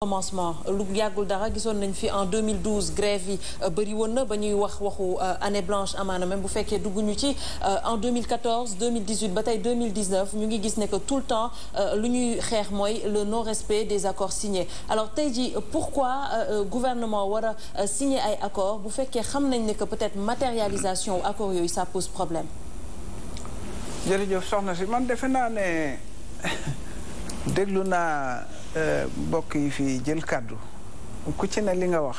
commencement lu yàggul dara gisoon nañ fi en 2012 grève yi euh, na ba ñuy wax waxu euh, année blanche amaana même bu fekkee dugguñu ci euh, en 2014 2018 ba tey 2019 ñu ngi gis ne que tout le temps lu ñuy xeex mooy le non respect des accords signés alors tey jii pourquoi gouvernement war a signer ay accords bu fekkee xam nañ ne que peut-être matérialisation accords yooyu ça pose problème. déglu naa euh, mbokk yi fi jël kàddu ku ci ne li nga wax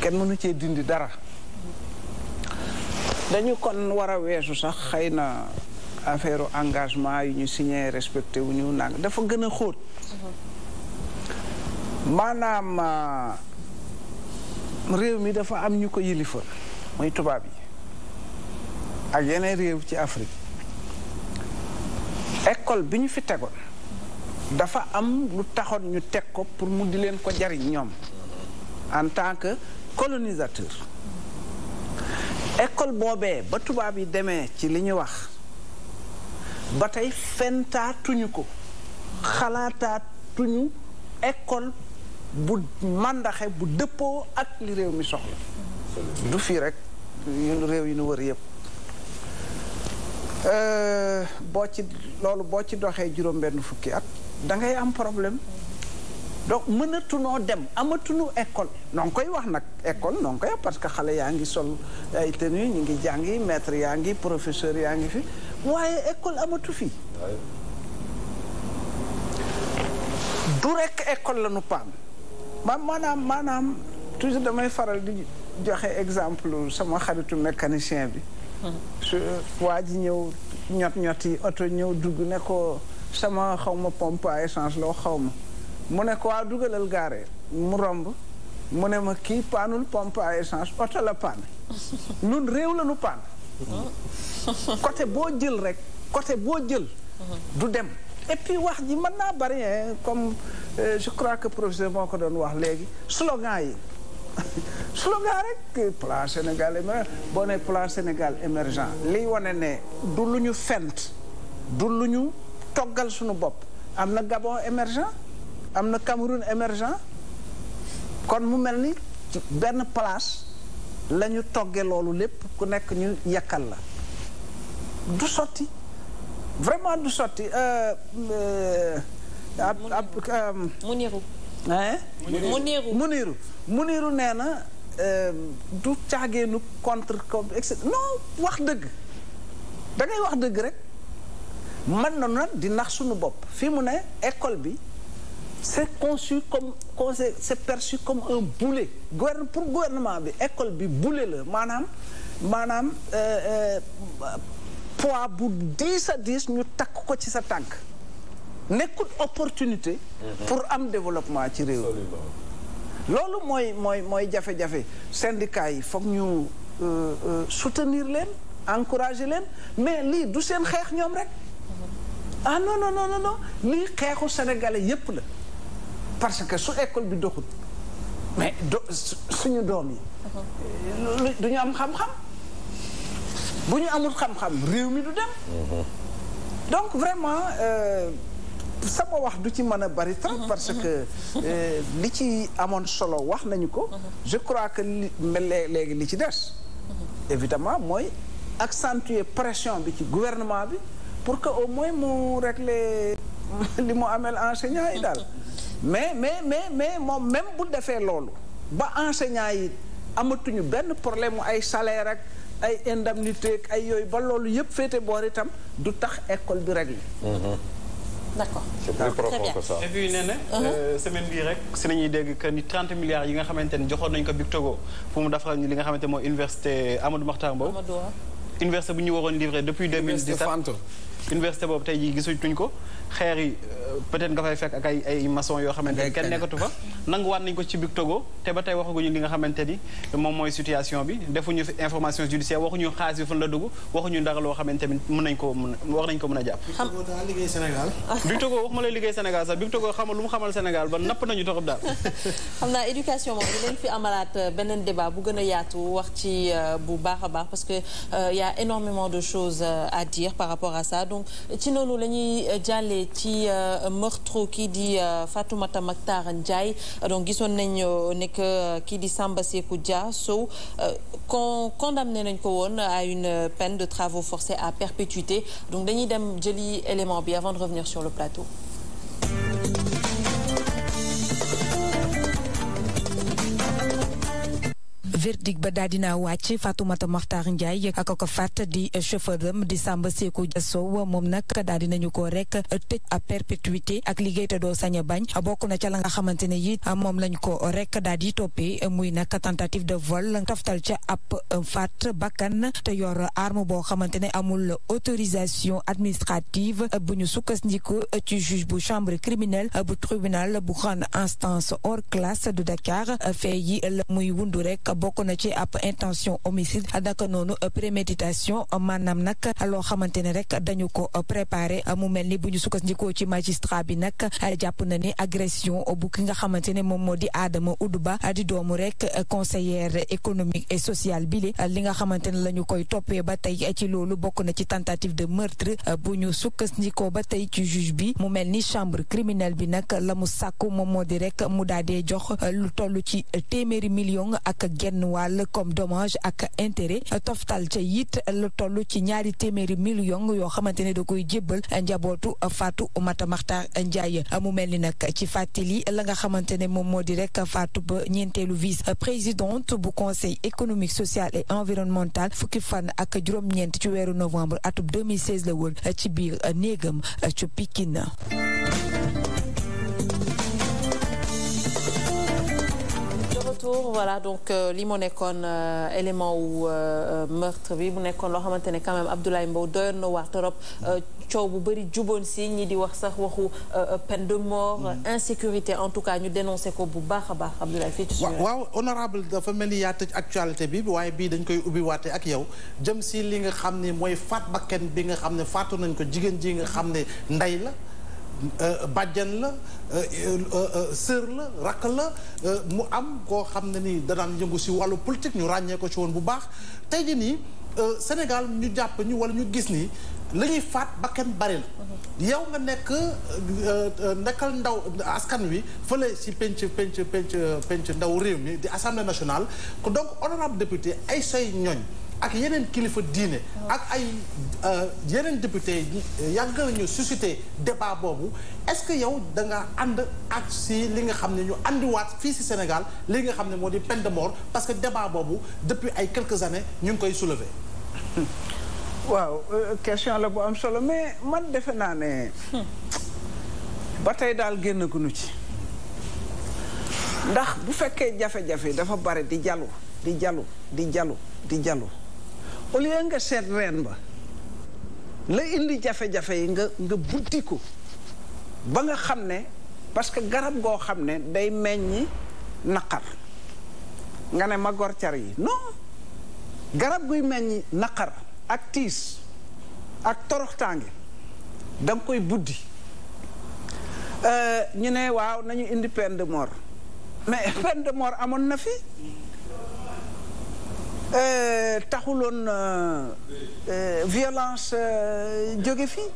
kenn mënu cee dindi dara dañu kon war a weesu sax xëy na affaire engagement yu ñu signé respecté wu ñu nang dafa gën a xóot maanaam euh, réew mi dafa am ñu ko yilifa muy tubaab yi ak yeneen réew ci Afrique école bi ñu fi tegoon dafa am lu taxoon ñu teg ko pour mu di leen ko jariñ ñoom en tant que colonisateur ecole boobee ba tubaab yi demee ci li ñu wax ba tey fentaatuñu ko xalaataatuñu école bu màndaxe bu dëppoo ak li réew mi soxla du fii rek yu réew yi nu wër yëpp euh, boo ci loolu boo ci doxee juróom benn fukki at da ngay am problème donc mënatunoo dem amatunu école noo ngi koy wax nag école noo koy wax parce que xale yaa ngi sol ay tenue ñu ngi jàngi maître yaa ngi professeur yaa ngi fi waaye école amatu fii du rekk école la paan ma maanaam maanaam toujours damay faral di joxe exemple sama xaritu mécanicien bi mm-hmm. su waa ji ñëw ñot ñot yi oto ñëw dugg ne ko sama xaw ma pompe à essence loo xaw ma mu ne ko waa ah, dugalal gaare mu romb mu ne ma kii paanul pompe à essence oto la paan nun réew la nu paan côté boo jël rek côté boo jël du dem et puis wax ji man naa bari comme euh, je crois que professeur moo ko doon wax léegi slogan yi slogan rek plan Sénégal émergent boo ne plan Sénégal émergent li wane ne du lu ñu fent du lu ñu toggal suñu bopp am na Gabon émergent am na Cameroun émergent kon mu mel ni benn place lañu ñu togge loolu lépp ku nekk ñu yàkkal la du sotti vraiment du sotti euh, euh, euh, Muniru Muniru Muniru Muniru nee na du caageenu contre comme etc non wax dëgg da ngay wax dëgg rek man na nag di nax suñu bopp fii mu ne école bi c'est conçu comme c'est perçu comme un boulet gouverne pour gouvernement bi école bi boulet la maanaam maanaam euh, euh, poids bu diis a diis ñu takk ko ci sa tànk nekkul opportunité mhm. pour am développement ci réew loolu mooy mooy mooy jafe-jafe syndicat yi foog ñu euh, soutenir leen encourager leen mais lii du seen xeex ñoom rek ah non non non non lii xeexu sénégalais yépp la parce que su école bi doxut mais do suñu doom yi uh-huh. du ñu am xam-xam bu ñu amul xam-xam réew mi du dem uh-huh. donc vraiment euh, sama wax du ci mën a bari trop uh-huh. parce que euh, li ci amoon solo wax nañu ko je crois que li léegi li ci des évidemment mooy accentuer pression bi ci gouvernement bi pour que au moins mu régler li mu amel enseignant yi daal mais mais mais mais moom même bu defee loolu ba enseignant yi amatuñu benn problème mu ay salaire ak ay indemnité ak ay yooyu ba loolu yëpp féete boor itam du tax école bi mhm. mhm. euh, rek si la ñuy yi nga xamante ni joxoon nañu ko Big Togo pour mu defaral ñu li nga xamante mooy université Amadou Mahtar Mbow. Ah. université bu ñu waroon livré depuis 2017. université boobu tey jii gisatuñ ko xeer yi peut-être nga fay fekk ak ay ay maçon yoo xamante kenn nekkatu fa nanguwaat nañ ko ci biir Togo te ba tey waxaguñu li nga xamante ni moom mooy situation bi defuñu information judiciaire waxuñu xaalis bi fan la dugg waxuñu dara loo xamante ni mën nañ ko mën nañ ko mën a jàpp liggéey nañu fi amalaat euh, beneen débat bu gën a yaatu wax ci euh, bu baax a baax parce que euh, y a énormément de choses à dire par rapport à ça donc ci noonu la jàllee ci meurtre kii di euh, Fatoumata Mactar Ndiaye donc gisoon nañ euh, nekk euh, kii di Samba Sekou Dia Sow kon condamné nañ ko woon à une peine de travaux forcés à perpétuité donc dañuy dem jëli élément bi avant de revenir sur le plateau verdict ba daal dinaa wàcc Fatoumata Mokhtar Ndiaye ak ko fàtt di chauffeur am di Samba Seeku Sow moom nag daal dinañu ko rek tëj a perpétuité ak liggéey te doo sañ a bañ bokk na ca la nga xamante ne yi moom lañ ko rek daal di toppee muy nag tentative de vol toftal ca ab faat bakkan te yor arme boo xamante amul autorisation administrative bu ñu sukkandiku ci juge bu chambre criminelle bu tribunal bu grande instance hors classe de Dakar fee yi la muy wundu bokk na ci ab intention homicide daka noonu préméditation maanaam nag loo xamante ne rek dañu ko préparé mu mel ni bu ñu sukkandikoo ci magistrat bi nag jàpp na ni agression bu ki nga xamante ne moom moo di aadama Adama ba di doomu rek conseillère économique et sociale bi li nga xamante ne la ñu koy toppee ba tey ci loolu bokk na ci tentative de meurtre bu ñu sukkandikoo ba tey ci juge bi mu mel ni chambre criminelle bi nag la mu sàkku moom moo di rek mu daadee jox lu toll ci téeméeri million ak genn genn comme dommage ak intérêt toftal ca it lu toll ci ñaari téeméeri million yoo xamante ne da koy jébbal njabootu faatu Fatou Oummata Mactar Ndiaye mu mel ni nag ci fàttali la nga xamante ne moom moo di rek faatu ba ñeenteelu vice présidente bu conseil économique social et environnemental fukki fan ak juróom-ñeent ci weeru novembre atum 2016 la woon ci biir néegam ci Pikine Ndour voilà donc euh, li mu nekkoon euh, élément wu euh, meurtre bi bu nekkoon loo xamante ne quand même Abdoulaye Mbow doyoon na waar torop coow bu bëri juboon si ñi di wax sax waxu peine de mort mm. insécurité en tout cas ñu dénoncé ko bu baax a baax Abdoulaye fii ci waaw honorable dafa mel ni yaa tëj actualité bi waaye bii dañ koy ubbi waate ak yow jëm si li nga xam ne mooy faat bakken bi nga xam ne faatu nañ ko jigéen ji nga xam ne nday la Euh, bàjjan la euh, euh, sër la rakk la mu am koo xam ne ni danaan jëngu si wàllu politique ñu ràññee ko ci woon bu baax tey jii nii Sénégal ñu jàpp ñu walla ñu gis nii la ñuy faat bakkan bari la yow nga nekk nekkal ndaw askan wi fële si penc penc penc penc ndaw réew mi di assemblée nationale donc honorable député ay say ñoñ ak yeneen kilifa diine ak ay euh, yeneen député euh, yàgg nañu suscité débat boobu est-ce que yow da nga ànd ak si li nga xam ne ñu àndiwaat fii si Sénégal li nga xam ne moo di peine de mort parce que débat boobu depuis ay quelques années ñu ngi koy soulever. waaw euh, question la bu am solo mais man defe naa ne. ba tey daal génn gunu ci. ndax bu fekkee jafe-jafe dafa bare di jalu di jalu di jalu di jalu. au lieu nga seet reen ba la indi jafe-jafe yi nga nga buddi ko ba nga xam ne parce que garab goo xam ne day meññi naqar nga ne magor car yi no garab guy meññi naqar ak tiis ak toroxtaange da nga koy buddi euh, ñu ne waaw nañu indi peine mais peine de amoon na fi Euh, taxuloon euh, euh, violence jóge fii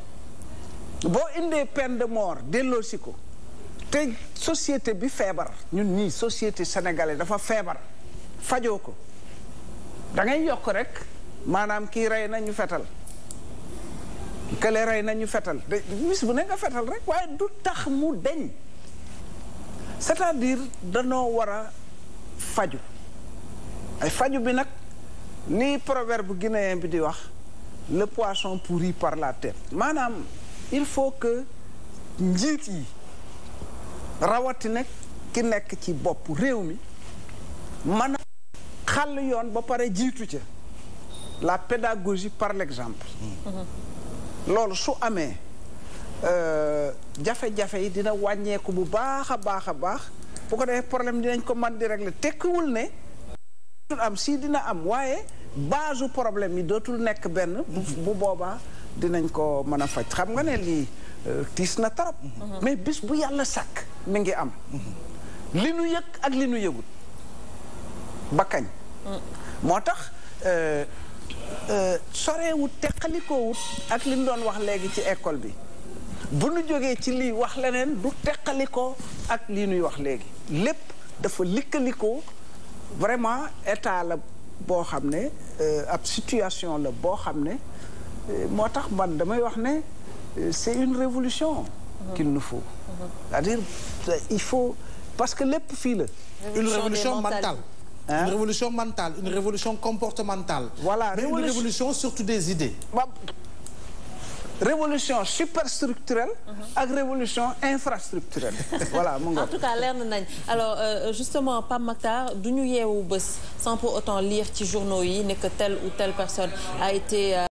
boo indee peine de mort delloosi ko te société bi feebar ñun nii société sénégalaise dafa feebar fajoo ko da ngay yokk rek maanaam kii rey na ñu fetal kele rey na ñu fetal de bis bu ne nga fetal rek waaye du tax mu deñ cest à danoo war a faju ay faju bi nag lii proverbe guinéen bi di wax le pour pourri par la tête maanaam il faut que njiit yi rawati nag ki nekk ci bopp réew mi mën a yoon ba pare jiitu ca la pédagogie par l'exemple mm-hmm. loolu su amee euh, jafe-jafe yi dina wàññeeku bu baax a baax a baax bu ko defee problème dinañ ko man di régler tekkiwul ne am si dina am waaye base su problème yi dootul nekk benn. bu boobaa dinañ ko mën a faj xam nga ne lii euh, tiis na trop. Mhm. mais bis bu yàlla sàkk mi ngi am. Mhm. li nu yëg ak li nu yëgut ba kañ. Mhm. moo tax euh, euh, sorewut teqalikoowut ak li ñu doon wax léegi ci école bi bu nu jógee ci lii wax leneen du teqalikoo ak lii nuy wax léegi lépp dafa likkalikoo vraiment état la. boo xam ne euh, ab situation la boo xam ne euh, moo tax ma damay wax ne euh, c'est une révolution mhm. qu'il nous faut mhm. c'est-à-dire il faut parce que lépp fii la une révolution mentale Hein? Une révolution mentale, comportementale. Voilà, une révolution surtout des idées. révolution superstructurelle mhm. ak révolution infrastructurelle voilà mu ngoog en tout cas leer na nañ alors euh, justement Pape Makhtar du ñu yeewu bés sans pour autant lire ci journaux yi ne que telle ou telle personne a été euh,